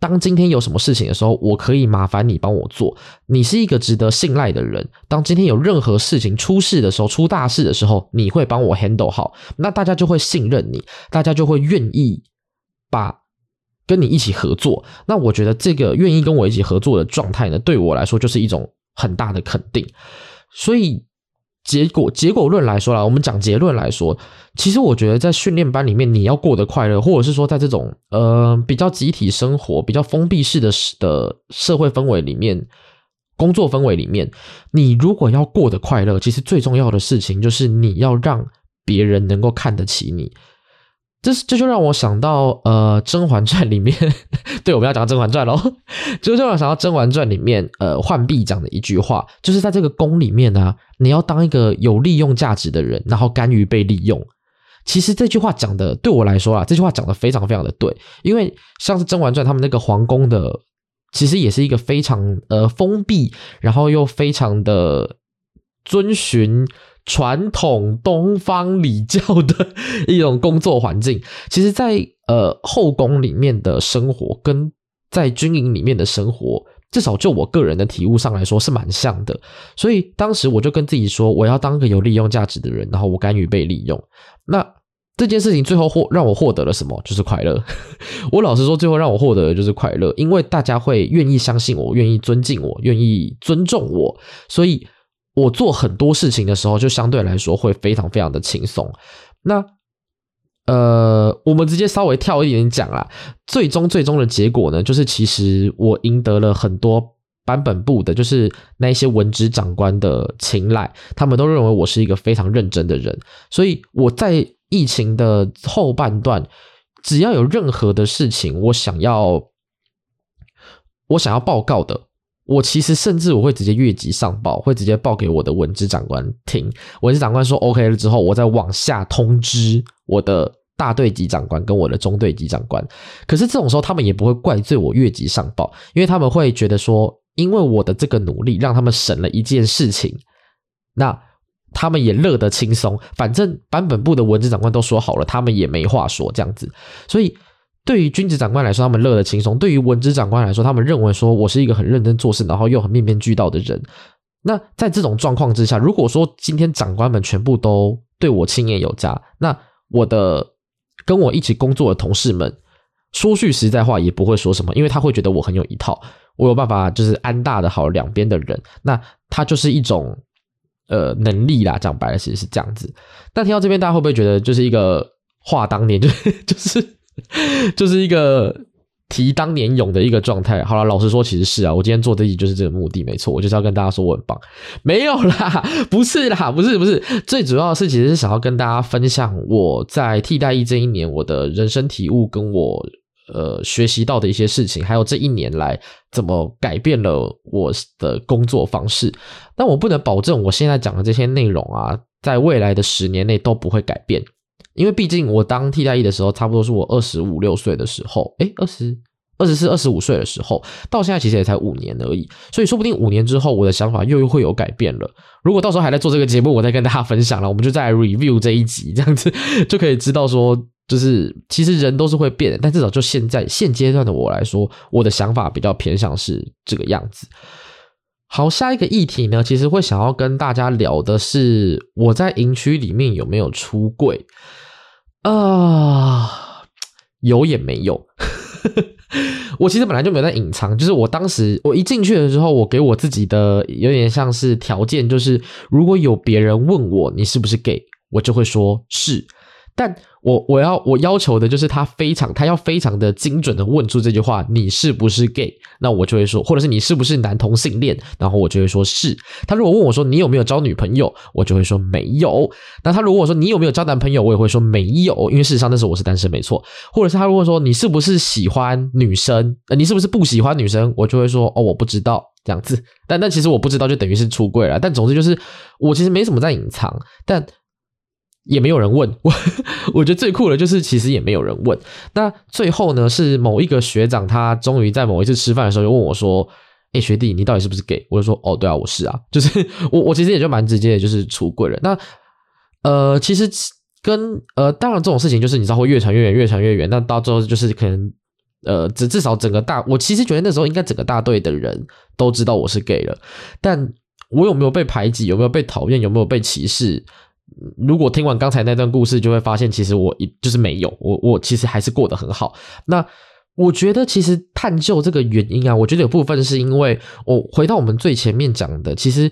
當今天有什麼事情的時候，我可以麻煩你幫我做。你是一個值得信賴的人。當今天有任何事情出事的時候，出大事的時候，你會幫我 handle 好，那大家就會信任你，大家就會願意把跟你一起合作。那我覺得這個願意跟我一起合作的狀態呢，對我來說就是一種很大的肯定。所以。結果結果論來說啦，我們講結論來說，其實我覺得在訓練班裡面，你要過得快樂，或者是說在這種呃比較集體生活、比較封閉式的的社會氛圍裡面、工作氛圍裡面，你如果要過得快樂，其實最重要的事情就是你要讓別人能夠看得起你。這這就讓我想到，呃，《甄嬛傳》裡面， 對，我們要講《甄嬛傳》嘍。就讓我想到《甄嬛傳》裡面，呃，浣碧講的一句話，就是在這個宮裡面呢、啊，你要當一個有利用價值的人，然後甘於被利用。其實這句話講的對我來說啊，這句話講的非常非常的對，因為像是《甄嬛傳》他們那個皇宮的，其實也是一個非常呃封閉，然後又非常的遵循。傳統東方禮教的一種工作環境，其實在，在呃後宮裡面的生活跟在軍營裡面的生活，至少就我個人的體悟上來說是蠻像的。所以當時我就跟自己說，我要當個有利用價值的人，然後我甘於被利用。那這件事情最後獲讓我獲得了什麼？就是快樂。 我老實說，最後讓我獲得的就是快樂，因為大家會願意相信我，願意尊敬我，願意尊重我，所以。我做很多事情的時候，就相對來說會非常非常的輕鬆。那呃，我們直接稍微跳一點講啦，最終最終的結果呢，就是其實我贏得了很多版本部的，就是那些文職長官的青睞，他們都認為我是一個非常認真的人。所以我在疫情的後半段，只要有任何的事情，我想要我想要報告的，我其實甚至我會直接越級上報，會直接報給我的文職長官聽。文職長官說 OK 了之後，我再往下通知我的大隊級長官跟我的中隊級長官。可是這種時候，他們也不會怪罪我越級上報，因為他們會覺得說，因為我的這個努力，讓他們省了一件事情，那他們也樂得輕鬆。反正班本部的文職長官都說好了，他們也沒話說，這樣子，所以。對於軍職長官來說，他們樂得輕鬆；對於文職長官來說，他們認為說我是一個很認真做事，然後又很面面俱到的人。那在這種狀況之下，如果說今天長官們全部都對我青眼有加，那我的跟我一起工作的同事們說句實在話，也不會說什麼，因為他會覺得我很有一套，我有辦法，就是安大的好兩邊的人，那他就是一種呃能力啦。講白了，其實是這樣子。但聽到這邊，大家會不會覺得就是一個話當年就就是。就是 就是一個提當年勇的一個狀態。好了，老實說，其實是啊，我今天做這一集就是這個目的，沒錯，我就是要跟大家說我很棒。沒有啦，不是啦，不是不是，最主要的是其實是想要跟大家分享我在替代役這一年我的人生體悟，跟我呃學習到的一些事情，還有這一年來怎麼改變了我的工作方式。但我不能保證我現在講的這些內容啊，在未來的十年內都不會改變。因為畢竟我當替代役的時候，差不多是我二十五六歲的時候，誒，二十二十四、二十五歲的時候，到現在其實也才五年而已，所以說不定五年之後我的想法又又會有改變了。如果到時候還在做這個節目，我再跟大家分享了，我們就再來 review 這一集，這樣子就可以知道說，就是其實人都是會變的，但至少就現在現階段的我來說，我的想法比較偏向是這個樣子。好，下一個議題呢，其實會想要跟大家聊的是我在營區裡面有沒有出櫃。啊、uh，有也沒有， 我其實本來就沒有在隱藏，就是我當時我一進去的時候，我給我自己的有點像是條件，就是如果有別人問我你是不是 gay，我就會說是。但我我要，我要求的就是他非常，他要非常的精準的問出這句話，你是不是 gay？那我就會說，或者是你是不是男同性戀？然後我就會說，是。他如果問我說，你有沒有交女朋友，我就會說沒有。那他如果說，你有沒有交男朋友，我也會說沒有，因為事實上那時候我是單身沒錯。或者是他如果說，你是不是喜歡女生、呃，你是不是不喜歡女生，我就會說，哦我不知道這樣子。但但其實我不知道就等於是出櫃了啦。但總之就是我其實沒什麼在隱藏，但。也沒有人問我，我覺得最酷的就是其實也沒有人問。那最後呢，是某一個學長，他終於在某一次吃飯的時候就問我說：“誒、欸、學弟，你到底是不是 gay？” 我就說：“哦，對啊，我是啊，就是我，我其實也就蠻直接的，就是出櫃了。”那呃，其實跟呃，當然這種事情就是你知道會越傳越遠，越傳越遠。那到最後就是可能呃，至至少整個大，我其實覺得那時候應該整個大隊的人都知道我是 gay 了。但我有沒有被排擠？有沒有被討厭？有沒有被歧視？如果聽完剛才那段故事，就會發現，其實我就是沒有我，我其實還是過得很好。那我覺得，其實探究這個原因啊，我覺得有部分是因為我回到我們最前面講的，其實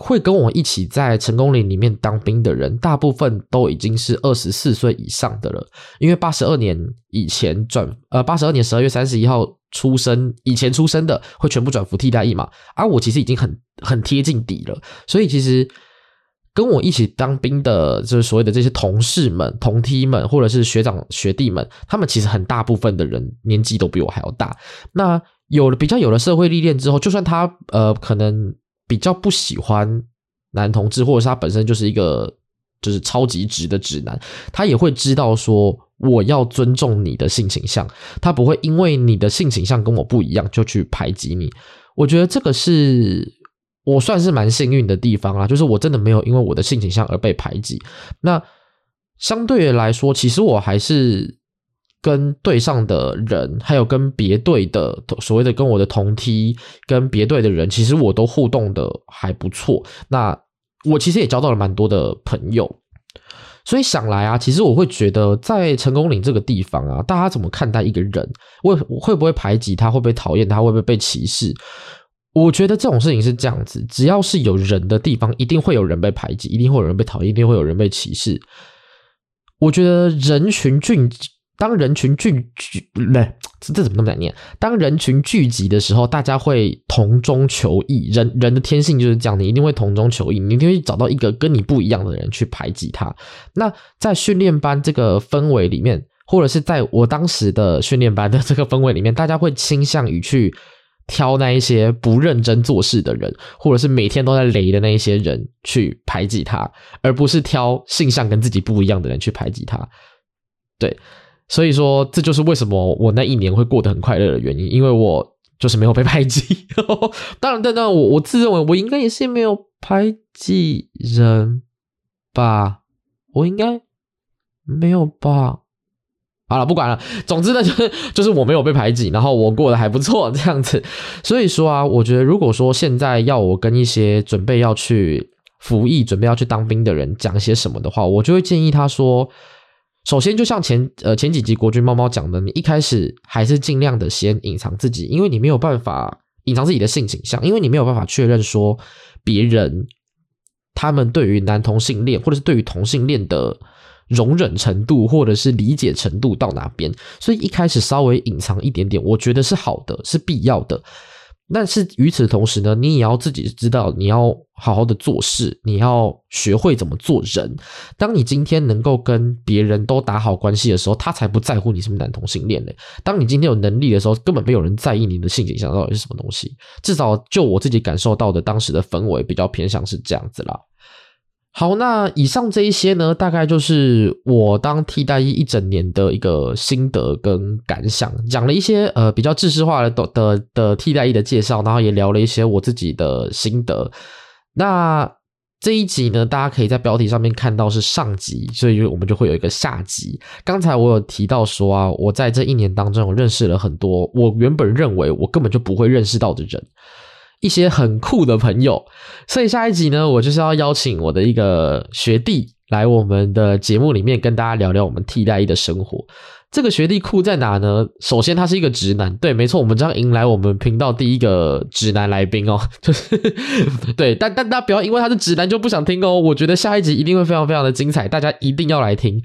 會跟我一起在成功嶺裡面當兵的人，大部分都已經是二十四歲以上的了。因為八十二年以前轉呃，八十二年十二月三十一號出生以前出生的，會全部轉服替代役嘛。而、啊、我其實已經很很貼近底了，所以其實。跟我一起當兵的，就是所謂的這些同事們、同梯們，或者是學長學弟們，他們其實很大部分的人年紀都比我還要大。那有了比較有了社會歷練之後，就算他呃可能比較不喜歡男同志，或者是他本身就是一個就是超級直的直男，他也會知道說，我要尊重你的性傾向，他不會因為你的性傾向跟我不一樣就去排擠你。我覺得這個是。我算是蠻幸運的地方啊，就是我真的沒有因為我的性傾向而被排擠。那相對來說，其實我還是跟隊上的人，還有跟別隊的所謂的跟我的同梯，跟別隊的人，其實我都互動的還不錯。那我其實也交到了蠻多的朋友。所以想來啊，其實我會覺得在成功嶺這個地方啊，大家怎麼看待一個人，我會不會排擠他，會不會討厭他，會不會被歧視？我覺得這種事情是這樣子，只要是有人的地方，一定會有人被排擠，一定會有人被討厭，一定會有人被歧視。我覺得人群聚，當人群聚集，不對，這這怎麼那麼難念？當人群聚集的時候，大家會同中求異，人人的天性就是這樣，你一定會同中求異，你一定會找到一個跟你不一樣的人去排擠他。那在訓練班這個氛圍裡面，或者是在我當時的訓練班的這個氛圍裡面，大家會傾向於去。挑那一些不認真做事的人，或者是每天都在雷的那一些人去排擠他，而不是挑性向跟自己不一樣的人去排擠他。對，所以說這就是為什麼我那一年會過得很快樂的原因，因為我就是沒有被排擠。 當然，當那我我自認為我應該也是沒有排擠人吧，我應該沒有吧。好了，不管了。總之呢，就是就是我沒有被排擠，然後我過得還不錯這樣子。所以說啊，我覺得如果說現在要我跟一些準備要去服役、準備要去當兵的人講些什麼的話，我就會建議他說，首先就像前呃前幾集國軍貓貓講的，你一開始還是儘量的先隱藏自己，因為你沒有辦法隱藏自己的性傾向，因為你沒有辦法確認說別人他們對於男同性戀或者是對於同性戀的。容忍程度或者是理解程度到哪邊，所以一開始稍微隱藏一點點，我覺得是好的，是必要的。但是與此同時呢，你也要自己知道，你要好好的做事，你要學會怎麼做人。當你今天能夠跟別人都打好關係的時候，他才不在乎你什麼男同性戀呢？當你今天有能力的時候，根本沒有人在意你的性傾向到底是什麼東西。至少就我自己感受到的，當時的氛圍比較偏向是這樣子啦。好，那以上這一些呢，大概就是我當替代役一,一整年的一個心得跟感想，講了一些呃比較知識化的的的、的替代役的介紹，然後也聊了一些我自己的心得。那這一集呢，大家可以在標題上面看到是上集，所以我們就會有一個下集。剛才我有提到說啊，我在這一年當中，我認識了很多我原本認為我根本就不會認識到的人。一些很酷的朋友，所以下一集呢，我就是要邀請我的一個學弟來我們的節目裡面跟大家聊聊我們替代役的生活。這個學弟酷在哪呢？首先，他是一個直男，對，沒錯，我們將迎來我們頻道第一個直男來賓哦，就是 對，但但大家不要因為他是直男就不想聽哦，我覺得下一集一定會非常非常的精彩，大家一定要來聽。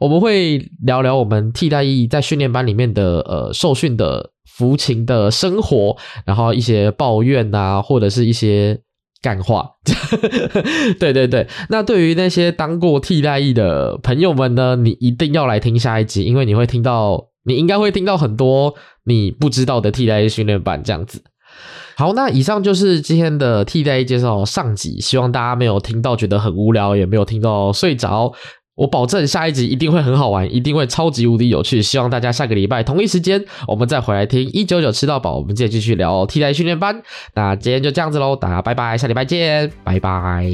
我們會聊聊我們替代役在訓練班裡面的呃受訓的。浮琴的生活，然後一些抱怨啊，或者是一些幹話。 對對對，那對於那些當過替代役的朋友們呢，你一定要來聽下一集，因為你會聽到，你應該會聽到很多你不知道的替代役訓練班，這樣子。好，那以上就是今天的替代役介紹上集，希望大家沒有聽到覺得很無聊，也沒有聽到睡着。我保證下一集一定會很好玩，一定會超級無敵有趣。希望大家下個禮拜同一時間，我們再回來聽一九九吃到堡。我們再繼續聊替代役訓練班。那今天就這樣子嘍，大家拜拜，下禮拜見，拜拜。